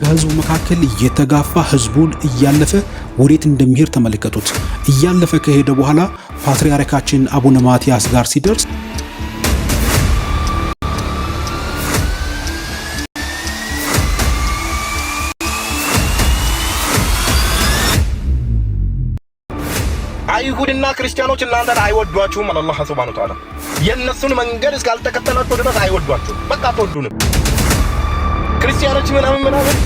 ከህዝቡ መካከል እየተጋፋ ህዝቡን እያለፈ ወዴት እንደሚሄድ ተመለከቱት። እያለፈ ከሄደ በኋላ ፓትርያርካችን አቡነ ማትያስ ጋር ሲደርስ አይሁድና ክርስቲያኖች እናንተን አይወዷችሁም። አላህ ሱብሃነሁ ወተዓላ የእነሱን መንገድ እስካልተከተላችሁ ድረስ አይወዷችሁም። በቃ አትወዱንም። ክርስቲያኖች ምናምን ምናምን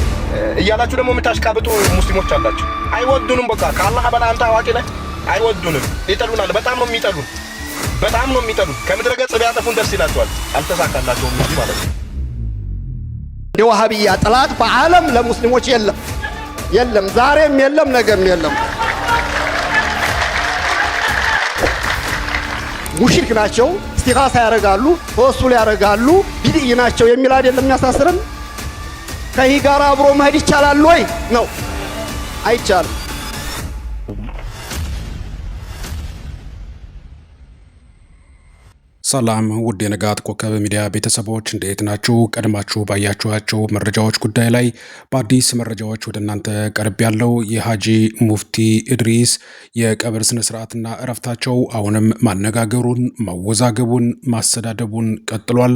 እያላችሁ ደግሞ የምታሽቃብጡ ሙስሊሞች አላችሁ። አይወዱንም። በቃ ከአላህ በላ አንተ አዋቂ ነህ። አይወዱንም፣ ይጠሉናል። በጣም ነው የሚጠሉን፣ በጣም ነው የሚጠሉን። ከምድረ ገጽ ቢያጠፉን ደስ ይላቸዋል። አልተሳካላቸውም እንጂ ማለት ነው። የዋሃብያ ጥላት በዓለም ለሙስሊሞች የለም፣ የለም፣ ዛሬም የለም፣ ነገም የለም። ሙሽሪክ ናቸው፣ እስቲኻሳ ያደርጋሉ፣ ተወሱል ያደርጋሉ፣ ቢድይ ናቸው የሚል አይደለም የሚያሳስረን ከይህ ጋር አብሮ መሄድ ይቻላል ወይ? ነው አይቻልም። ሰላም ውድ የንጋት ኮከብ ሚዲያ ቤተሰቦች እንዴት ናችሁ? ቀድማችሁ ባያችኋቸው መረጃዎች ጉዳይ ላይ በአዲስ መረጃዎች ወደ እናንተ ቀርብ ያለው የሀጂ ሙፍቲ ኢድሪስ የቀብር ስነስርዓትና እረፍታቸው አሁንም ማነጋገሩን፣ ማወዛገቡን፣ ማሰዳደቡን ቀጥሏል።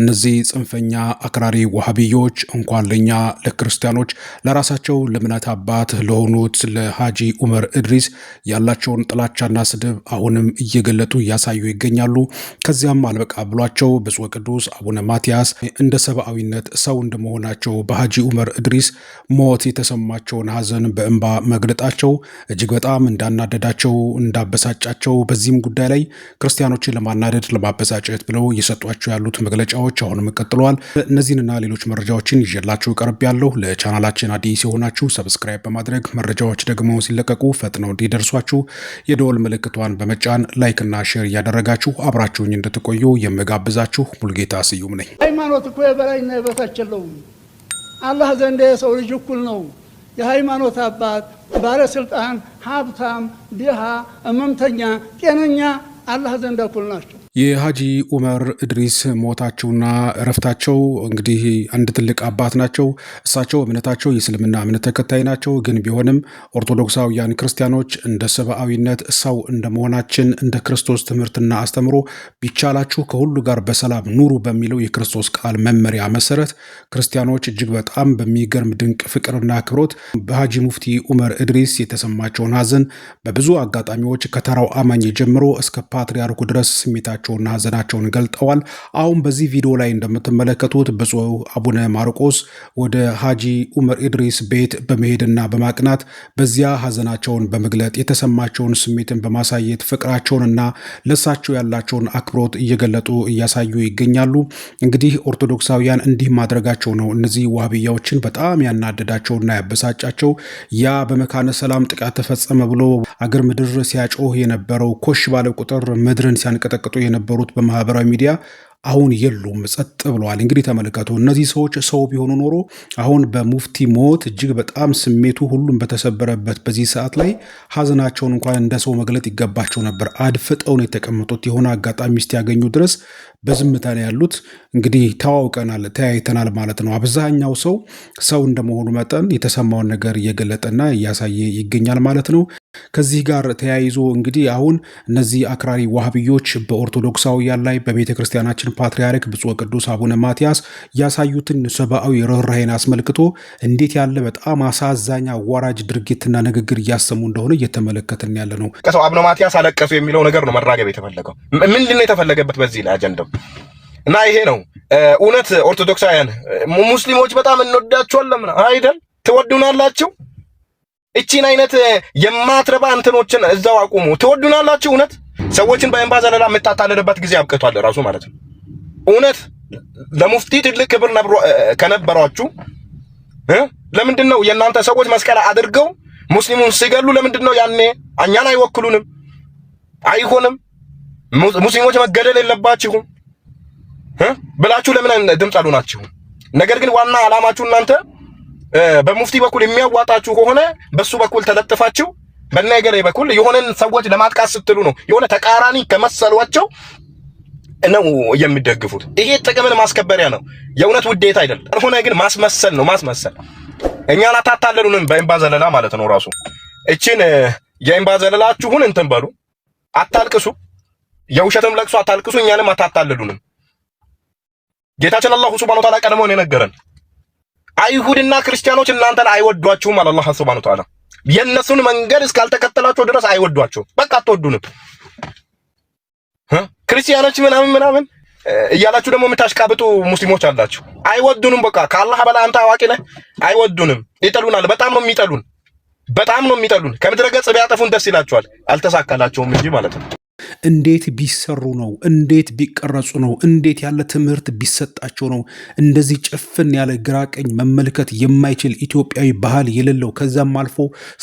እነዚህ ጽንፈኛ አክራሪ ዋሃቢዮች እንኳን ለኛ ለክርስቲያኖች፣ ለራሳቸው ለእምነት አባት ለሆኑት ለሀጂ ኡመር ኢድሪስ ያላቸውን ጥላቻና ስድብ አሁንም እየገለጡ እያሳዩ ይገኛሉ። ከዚያም አልበቃ ብሏቸው ብፁዕ ቅዱስ አቡነ ማትያስ እንደ ሰብአዊነት ሰው እንደመሆናቸው በሐጂ ዑመር እድሪስ ሞት የተሰማቸውን ሐዘን በእንባ መግለጣቸው እጅግ በጣም እንዳናደዳቸው እንዳበሳጫቸው፣ በዚህም ጉዳይ ላይ ክርስቲያኖችን ለማናደድ ለማበሳጨት ብለው እየሰጧቸው ያሉት መግለጫዎች አሁንም ቀጥለዋል። እነዚህንና ሌሎች መረጃዎችን ይዤላችሁ ቀርብ ያለሁ። ለቻናላችን አዲስ የሆናችሁ ሰብስክራይብ በማድረግ መረጃዎች ደግሞ ሲለቀቁ ፈጥነው እንዲደርሷችሁ የደወል ምልክቷን በመጫን ላይክና ሼር እያደረጋችሁ አብራችሁኝ እንድትቆዩ የምጋብዛችሁ ሙልጌታ ስዩም ነኝ። ሃይማኖት እኮ የበላይና የበታች የለውም። አላህ ዘንድ የሰው ልጅ እኩል ነው። የሃይማኖት አባት፣ ባለስልጣን፣ ሀብታም፣ ድሃ፣ እመምተኛ፣ ጤነኛ አላህ ዘንድ እኩል ናቸው። የሀጂ ኡመር እድሪስ ሞታቸውና እረፍታቸው እንግዲህ አንድ ትልቅ አባት ናቸው። እሳቸው እምነታቸው የእስልምና እምነት ተከታይ ናቸው። ግን ቢሆንም ኦርቶዶክሳውያን ክርስቲያኖች እንደ ሰብአዊነት ሰው እንደመሆናችን እንደ ክርስቶስ ትምህርትና አስተምሮ ቢቻላችሁ ከሁሉ ጋር በሰላም ኑሩ በሚለው የክርስቶስ ቃል መመሪያ መሰረት ክርስቲያኖች እጅግ በጣም በሚገርም ድንቅ ፍቅርና አክብሮት በሀጂ ሙፍቲ ኡመር እድሪስ የተሰማቸውን ሀዘን በብዙ አጋጣሚዎች ከተራው አማኝ ጀምሮ እስከ ፓትርያርኩ ድረስ ስሜታቸው ሀዘናቸውና ሀዘናቸውን ገልጠዋል። አሁን በዚህ ቪዲዮ ላይ እንደምትመለከቱት ብፁዕ አቡነ ማርቆስ ወደ ሀጂ ኡመር ኢድሪስ ቤት በመሄድና በማቅናት በዚያ ሀዘናቸውን በመግለጥ የተሰማቸውን ስሜትን በማሳየት ፍቅራቸውንና ለሳቸው ያላቸውን አክብሮት እየገለጡ እያሳዩ ይገኛሉ። እንግዲህ ኦርቶዶክሳውያን እንዲህ ማድረጋቸው ነው እነዚህ ዋህብያዎችን በጣም ያናደዳቸውና ያበሳጫቸው። ያ በመካነ ሰላም ጥቃት ተፈጸመ ብሎ አገር ምድር ሲያጮህ የነበረው ኮሽ ባለ ቁጥር ምድርን ሲያንቀጠቅጡ የነበሩት በማህበራዊ ሚዲያ አሁን የሉም፣ ጸጥ ብለዋል። እንግዲህ ተመልከቱ። እነዚህ ሰዎች ሰው ቢሆኑ ኖሮ አሁን በሙፍቲ ሞት እጅግ በጣም ስሜቱ ሁሉም በተሰበረበት በዚህ ሰዓት ላይ ሀዘናቸውን እንኳን እንደ ሰው መግለጥ ይገባቸው ነበር። አድፍጠው ነው የተቀመጡት። የሆነ አጋጣሚ እስኪያገኙ ድረስ በዝምታ ላይ ያሉት። እንግዲህ ተዋውቀናል፣ ተያይተናል ማለት ነው። አብዛኛው ሰው ሰው እንደመሆኑ መጠን የተሰማውን ነገር እየገለጠና እያሳየ ይገኛል ማለት ነው። ከዚህ ጋር ተያይዞ እንግዲህ አሁን እነዚህ አክራሪ ዋህብዮች በኦርቶዶክሳውያን ላይ በቤተ ክርስቲያናችን ፓትርያርክ ብፁዕ ቅዱስ አቡነ ማትያስ ያሳዩትን ሰብአዊ ርኅራኄን አስመልክቶ እንዴት ያለ በጣም አሳዛኝ አዋራጅ ድርጊትና ንግግር እያሰሙ እንደሆነ እየተመለከትን ያለ ነው። ቀሰው አቡነ ማትያስ አለቀሱ የሚለው ነገር ነው መራገብ የተፈለገው ምንድነው የተፈለገበት በዚህ ላይ አጀንዳው እና ይሄ ነው እውነት ኦርቶዶክሳውያን ሙስሊሞች በጣም እንወዳችኋለን አይደል? ትወዱናላችሁ እቺን አይነት የማትረባ እንትኖችን እዛው አቁሙ። ትወዱናላችሁ። እውነት ሰዎችን በእንባ ዘለላ የምታታለልበት ጊዜ አብቅቷል ራሱ ማለት ነው። እውነት ለሙፍቲ ትልቅ ክብር ከነበሯችሁ ለምንድን ነው የእናንተ ሰዎች መስቀል አድርገው ሙስሊሙን ሲገሉ ለምንድን ነው ያኔ እኛን አይወክሉንም? አይሆንም ሙስሊሞች መገደል የለባችሁም ብላችሁ ለምን ድምፅ አሉ ነገር ግን ዋና አላማችሁ እናንተ በሙፍቲ በኩል የሚያዋጣችሁ ከሆነ በሱ በኩል ተለጥፋችሁ በነገሬ በኩል የሆነን ሰዎች ለማጥቃት ስትሉ ነው የሆነ ተቃራኒ ከመሰሏቸው ነው የሚደግፉት። ይሄ ጥቅምን ማስከበሪያ ነው፣ የእውነት ውዴታ አይደለም። ሆነ ግን ማስመሰል ነው ማስመሰል። እኛ አታታለሉንም፣ በእንባ ዘለላ ማለት ነው ራሱ። እችን የእንባ ዘለላችሁን እንትን በሉ፣ አታልቅሱ፣ የውሸትም ለቅሶ አታልቅሱ፣ እኛንም አታታለሉንም። ጌታችን አላሁ ሱብሃነሁ ወተዓላ ቀድሞ ነው የነገረን። አይሁድና ክርስቲያኖች እናንተን አይወዷችሁም አለ አላህ ሱብሃነሁ ወተዓላ። የእነሱን መንገድ እስካልተከተላችሁ ድረስ አይወዷችሁም። በቃ አትወዱንም። ክርስቲያኖች ምናምን ምናምን እያላችሁ ደግሞ የምታሽቃብጡ ሙስሊሞች አላችሁ። አይወዱንም። በቃ ከአላህ በላይ አንተ አዋቂ ነህ። አይወዱንም፣ ይጠሉናል። በጣም ነው የሚጠሉን፣ በጣም ነው የሚጠሉን። ከምድረ ገጽ ቢያጠፉን ደስ ይላችኋል። አልተሳካላቸውም እንጂ ማለት ነው። እንዴት ቢሰሩ ነው? እንዴት ቢቀረጹ ነው? እንዴት ያለ ትምህርት ቢሰጣቸው ነው? እንደዚህ ጭፍን ያለ ግራቀኝ መመልከት የማይችል ኢትዮጵያዊ ባህል የሌለው ከዛም አልፎ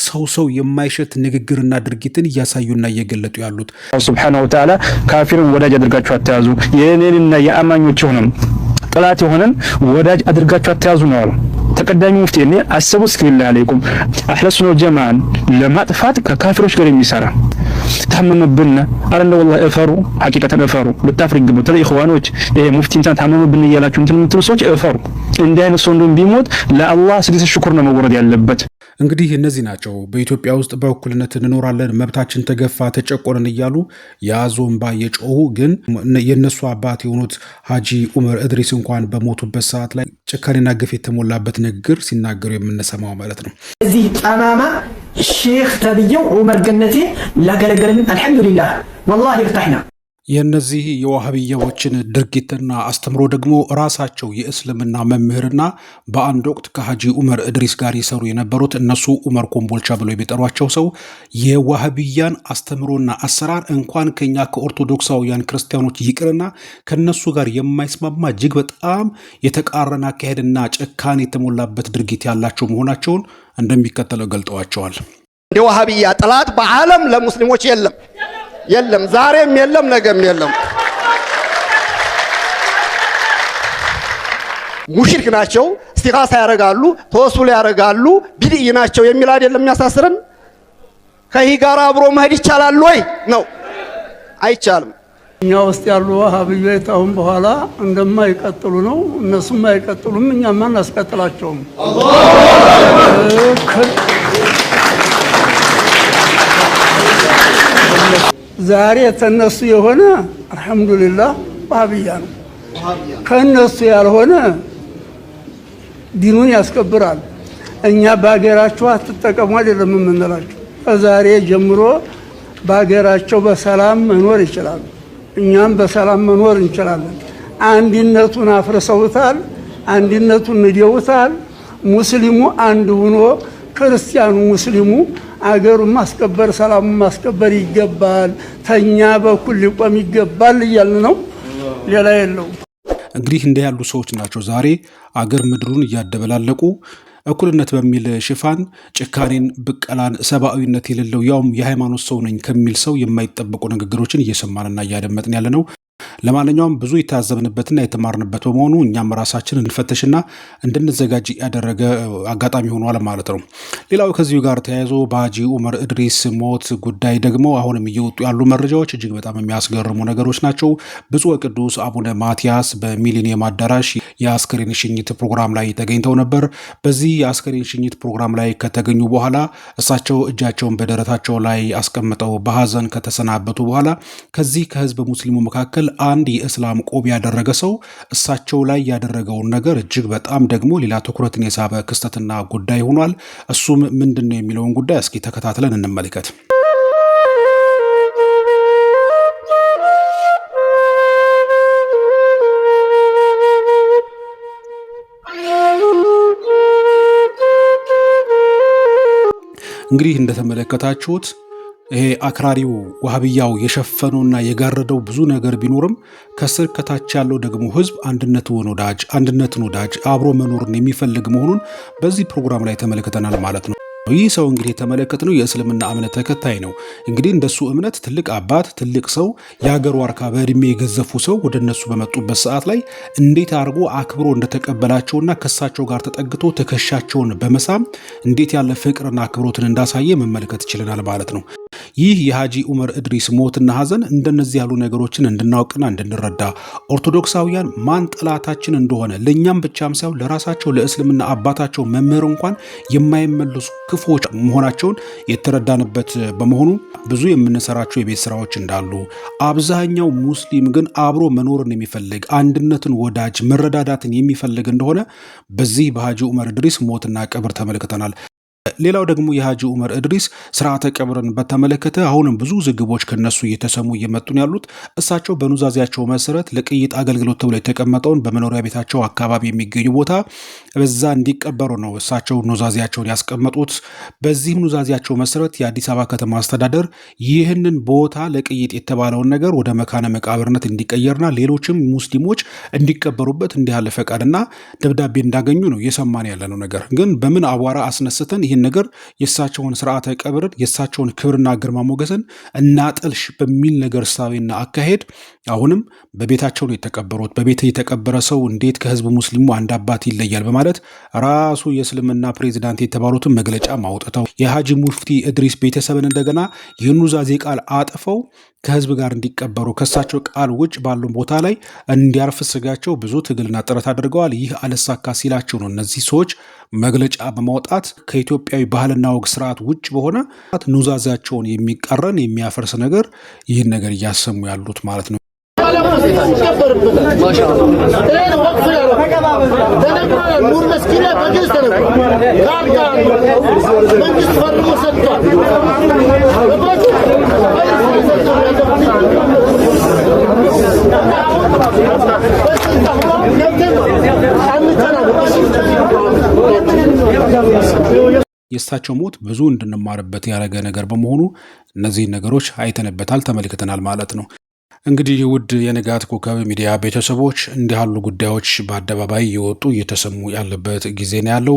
ሰው ሰው የማይሸት ንግግርና ድርጊትን እያሳዩና እየገለጡ ያሉት ስብሓነ ወተዓላ ካፊርን ወዳጅ አድርጋችሁ አተያዙ የሌልና የአማኞች የሆነም ጥላት የሆነን ወዳጅ አድርጋችሁ አተያዙ ነው አሉ። ተቀዳሚ ሙፍቲ እኔ አሰቡ እስክሊላ አለይኩም አህለሱነ ጀማን ለማጥፋት ከካፊሮች ጋር የሚሰራ ታመመብን አረለ ወላሂ እፈሩ፣ ሐቂቀተን እፈሩ። ልታፍሪ ግቡ ኢኽዋኖች፣ ይሄ ሙፍቲ እንትን ታመመብን እያላችሁ እንትን የምትሉ ሰዎች እፈሩ። እንዲህ አይነት ሰው እንደውም ቢሞት ለአላህ ሽኩር ነው መወረድ ያለበት። እንግዲህ እነዚህ ናቸው በኢትዮጵያ ውስጥ በእኩልነት እንኖራለን መብታችን ተገፋ ተጨቆንን እያሉ የአዞን እምባ የጮሁ ግን የእነሱ አባት የሆኑት ሀጂ ኡመር እድሪስ እንኳን በሞቱበት ሰዓት ላይ ጭካኔና ግፍ የተሞላበት ንግግር ሲናገሩ የምንሰማው ማለት ነው። እዚህ ጠማማ ሼክ ተብዬው ዑመር ገነቴ ላገለገለልን አልሐምዱሊላህ ወላሂ እርታሕና የእነዚህ የዋህብያዎችን ድርጊትና አስተምሮ ደግሞ ራሳቸው የእስልምና መምህርና በአንድ ወቅት ከሀጂ ኡመር እድሪስ ጋር ይሰሩ የነበሩት እነሱ ኡመር ኮምቦልቻ ብለው የሚጠሯቸው ሰው የዋህብያን አስተምሮና አሰራር እንኳን ከኛ ከኦርቶዶክሳውያን ክርስቲያኖች ይቅርና ከነሱ ጋር የማይስማማ እጅግ በጣም የተቃረነ አካሄድና ጭካኔ የተሞላበት ድርጊት ያላቸው መሆናቸውን እንደሚከተለው ገልጠዋቸዋል። እንደ ዋህብያ ጠላት በዓለም ለሙስሊሞች የለም። የለም፣ ዛሬም የለም፣ ነገም የለም። ሙሽሪክ ናቸው፣ እስቲኻሳ ያደርጋሉ፣ ተወሱል ያደርጋሉ፣ ቢድዒ ናቸው የሚል አይደለም የሚያሳስረን። ከይህ ጋር አብሮ መሄድ ይቻላል ወይ ነው? አይቻልም። እኛ ውስጥ ያሉ ሀብዮች አሁን በኋላ እንደማይቀጥሉ ነው። እነሱም አይቀጥሉም፣ እኛም አናስቀጥላቸውም። ዛሬ ተነሱ የሆነ አልሐምዱሊላህ ዋሃብያ ነው። ከነሱ ያልሆነ ዲኑን ያስከብራል። እኛ በሀገራቸው አትጠቀሙ አይደለም የምንላቸው። ከዛሬ ጀምሮ በሀገራቸው በሰላም መኖር ይችላሉ። እኛም በሰላም መኖር እንችላለን። አንድነቱን አፍርሰውታል። አንድነቱን ንደውታል። ሙስሊሙ አንድ ሆኖ ክርስቲያኑ ሙስሊሙ አገሩን ማስከበር፣ ሰላሙን ማስከበር ይገባል፣ ተኛ በኩል ሊቆም ይገባል እያልን ነው። ሌላ የለውም። እንግዲህ እንዲህ ያሉ ሰዎች ናቸው ዛሬ አገር ምድሩን እያደበላለቁ እኩልነት በሚል ሽፋን ጭካኔን፣ ብቀላን፣ ሰብአዊነት የሌለው ያውም የሃይማኖት ሰው ነኝ ከሚል ሰው የማይጠበቁ ንግግሮችን እየሰማንና እያደመጥን ያለ ነው። ለማንኛውም ብዙ የታዘብንበትና የተማርንበት በመሆኑ እኛም ራሳችን እንፈተሽና እንድንዘጋጅ ያደረገ አጋጣሚ ሆኗል ማለት ነው። ሌላው ከዚሁ ጋር ተያይዞ በሀጂ ኡመር እድሪስ ሞት ጉዳይ ደግሞ አሁንም እየወጡ ያሉ መረጃዎች እጅግ በጣም የሚያስገርሙ ነገሮች ናቸው። ብፁዕ ቅዱስ አቡነ ማትያስ በሚሊኒየም አዳራሽ የአስከሬን ሽኝት ፕሮግራም ላይ ተገኝተው ነበር። በዚህ የአስከሬን ሽኝት ፕሮግራም ላይ ከተገኙ በኋላ እሳቸው እጃቸውን በደረታቸው ላይ አስቀምጠው በሀዘን ከተሰናበቱ በኋላ ከዚህ ከህዝብ ሙስሊሙ መካከል አንድ የእስላም ቆብ ያደረገ ሰው እሳቸው ላይ ያደረገውን ነገር እጅግ በጣም ደግሞ ሌላ ትኩረትን የሳበ ክስተትና ጉዳይ ሆኗል። እሱም ምንድን ነው የሚለውን ጉዳይ እስኪ ተከታትለን እንመልከት። እንግዲህ እንደተመለከታችሁት ይሄ አክራሪው ዋህብያው የሸፈነውና የጋረደው ብዙ ነገር ቢኖርም ከስር ከታች ያለው ደግሞ ህዝብ አንድነትን ወዳጅ አንድነትን ወዳጅ አብሮ መኖርን የሚፈልግ መሆኑን በዚህ ፕሮግራም ላይ ተመልክተናል ማለት ነው። ይህ ሰው እንግዲህ የተመለከትነው የእስልምና እምነት ተከታይ ነው። እንግዲህ እንደሱ እምነት ትልቅ አባት፣ ትልቅ ሰው፣ የሀገር ዋርካ በእድሜ የገዘፉ ሰው ወደ እነሱ በመጡበት ሰዓት ላይ እንዴት አድርጎ አክብሮ እንደተቀበላቸውና ከሳቸው ጋር ተጠግቶ ትከሻቸውን በመሳም እንዴት ያለ ፍቅርና አክብሮትን እንዳሳየ መመልከት ይችለናል ማለት ነው። ይህ የሀጂ ኡመር እድሪስ ሞትና ሀዘን እንደነዚህ ያሉ ነገሮችን እንድናውቅና እንድንረዳ ኦርቶዶክሳውያን ማን ጠላታችን እንደሆነ ለእኛም ብቻም ሳይሆን ለራሳቸው ለእስልምና አባታቸው መምህር እንኳን የማይመልሱ ክፎች መሆናቸውን የተረዳንበት በመሆኑ ብዙ የምንሰራቸው የቤት ስራዎች እንዳሉ፣ አብዛኛው ሙስሊም ግን አብሮ መኖርን የሚፈልግ አንድነትን፣ ወዳጅ መረዳዳትን የሚፈልግ እንደሆነ በዚህ በሀጂ ኡመር እድሪስ ሞትና ቀብር ተመልክተናል። ሌላው ደግሞ የሀጂ ኡመር እድሪስ ስርዓተ ቀብርን በተመለከተ አሁንም ብዙ ዝግቦች ከነሱ እየተሰሙ እየመጡን ያሉት። እሳቸው በኑዛዜያቸው መሰረት ለቅይጥ አገልግሎት ተብሎ የተቀመጠውን በመኖሪያ ቤታቸው አካባቢ የሚገኙ ቦታ በዛ እንዲቀበሩ ነው እሳቸው ኑዛዜያቸውን ያስቀመጡት። በዚህም ኑዛዜያቸው መሰረት የአዲስ አበባ ከተማ አስተዳደር ይህንን ቦታ ለቅይጥ የተባለውን ነገር ወደ መካነ መቃብርነት እንዲቀየርና ሌሎችም ሙስሊሞች እንዲቀበሩበት እንዲህ ያለ ፈቃድና ደብዳቤ እንዳገኙ ነው እየሰማን ያለነው ነገር ግን በምን አቧራ አስነስተን ይህን ነገር የእሳቸውን ስርዓተ ቀብርን የእሳቸውን ክብርና ግርማ ሞገስን እናጠልሽ በሚል ነገር እሳቤና አካሄድ አሁንም በቤታቸው ነው የተቀበሩት። በቤት የተቀበረ ሰው እንዴት ከህዝቡ ሙስሊሙ አንድ አባት ይለያል? በማለት ራሱ የእስልምና ፕሬዚዳንት የተባሉትን መግለጫ ማውጥተው የሀጂ ሙፍቲ እድሪስ ቤተሰብን እንደገና የኑዛዜ ቃል አጥፈው ከህዝብ ጋር እንዲቀበሩ ከእሳቸው ቃል ውጭ ባሉ ቦታ ላይ እንዲያርፍ ስጋቸው ብዙ ትግልና ጥረት አድርገዋል። ይህ አለሳካ ሲላቸው ነው እነዚህ ሰዎች መግለጫ በማውጣት ከኢትዮጵያ ከኢትዮጵያዊ ባህልና ወግ ስርዓት ውጭ በሆነ ኑዛዛቸውን የሚቃረን የሚያፈርስ ነገር ይህን ነገር እያሰሙ ያሉት ማለት ነው። መንግስት ፈርሞ ሰጥቷል። የእሳቸው ሞት ብዙ እንድንማርበት ያደረገ ነገር በመሆኑ እነዚህን ነገሮች አይተንበታል፣ ተመልክተናል ማለት ነው። እንግዲህ ውድ የንጋት ኮከብ ሚዲያ ቤተሰቦች እንዲህ ያሉ ጉዳዮች በአደባባይ እየወጡ እየተሰሙ ያለበት ጊዜ ነው ያለው።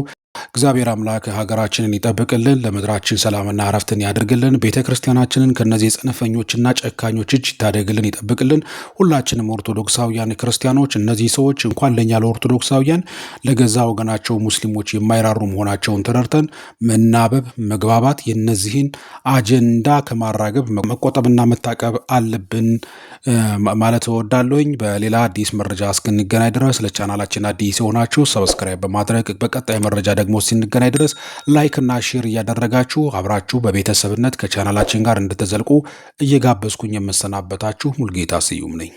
እግዚአብሔር አምላክ ሀገራችንን ይጠብቅልን፣ ለምድራችን ሰላምና እረፍትን ያድርግልን፣ ቤተ ክርስቲያናችንን ከነዚህ ጽንፈኞችና ጨካኞች እጅ ይታደግልን፣ ይጠብቅልን። ሁላችንም ኦርቶዶክሳውያን ክርስቲያኖች እነዚህ ሰዎች እንኳን ለእኛ ለኦርቶዶክሳውያን ለገዛ ወገናቸው ሙስሊሞች የማይራሩ መሆናቸውን ተረድተን መናበብ፣ መግባባት፣ የነዚህን አጀንዳ ከማራገብ መቆጠብና መታቀብ አለብን ማለት እወዳለሁኝ። በሌላ አዲስ መረጃ እስክንገናኝ ድረስ ለቻናላችን አዲስ የሆናችሁ ሰብስክራይብ በማድረግ በቀጣይ መረጃ ደግሞ እስኪንገናኝ ድረስ ላይክ እና ሼር እያደረጋችሁ አብራችሁ በቤተሰብነት ከቻናላችን ጋር እንድትዘልቁ እየጋበዝኩኝ የምሰናበታችሁ ሙልጌታ ስዩም ነኝ።